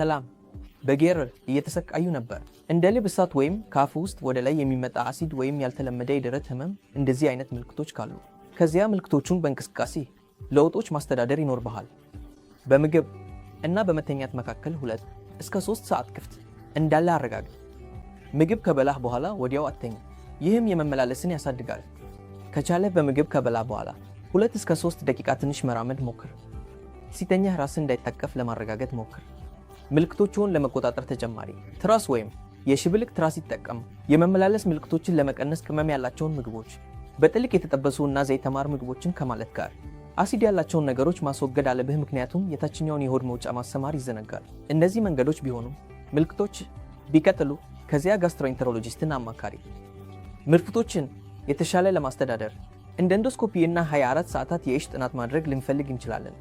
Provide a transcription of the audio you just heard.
ሰላም በጌር እየተሰቃዩ ነበር። እንደ ልብ እሳት ወይም ካፍ ውስጥ ወደ ላይ የሚመጣ አሲድ ወይም ያልተለመደ የደረት ህመም፣ እንደዚህ አይነት ምልክቶች ካሉ ከዚያ ምልክቶቹን በእንቅስቃሴ ለውጦች ማስተዳደር ይኖርብሃል። በምግብ እና በመተኛት መካከል ሁለት እስከ ሶስት ሰዓት ክፍት እንዳለ አረጋግጥ። ምግብ ከበላህ በኋላ ወዲያው አትተኛ፣ ይህም የመመላለስን ያሳድጋል። ከቻለ በምግብ ከበላ በኋላ ሁለት እስከ ሶስት ደቂቃ ትንሽ መራመድ ሞክር። ሲተኛህ ራስን እንዳይታቀፍ ለማረጋገጥ ሞክር። ምልክቶችን ለመቆጣጠር ተጨማሪ ትራስ ወይም የሽብልቅ ትራስ ይጠቀም። የመመላለስ ምልክቶችን ለመቀነስ ቅመም ያላቸውን ምግቦች በጥልቅ የተጠበሱ እና ዘይተማር ምግቦችን ከማለት ጋር አሲድ ያላቸውን ነገሮች ማስወገድ አለብህ፣ ምክንያቱም የታችኛውን የሆድ መውጫ ማሰማር ይዘነጋል። እነዚህ መንገዶች ቢሆኑም ምልክቶች ቢቀጥሉ ከዚያ ጋስትሮኢንተሮሎጂስትን አማካሪ። ምርፍቶችን የተሻለ ለማስተዳደር እንደ ኢንዶስኮፒ እና 24 ሰዓታት የእሽ ጥናት ማድረግ ልንፈልግ እንችላለን።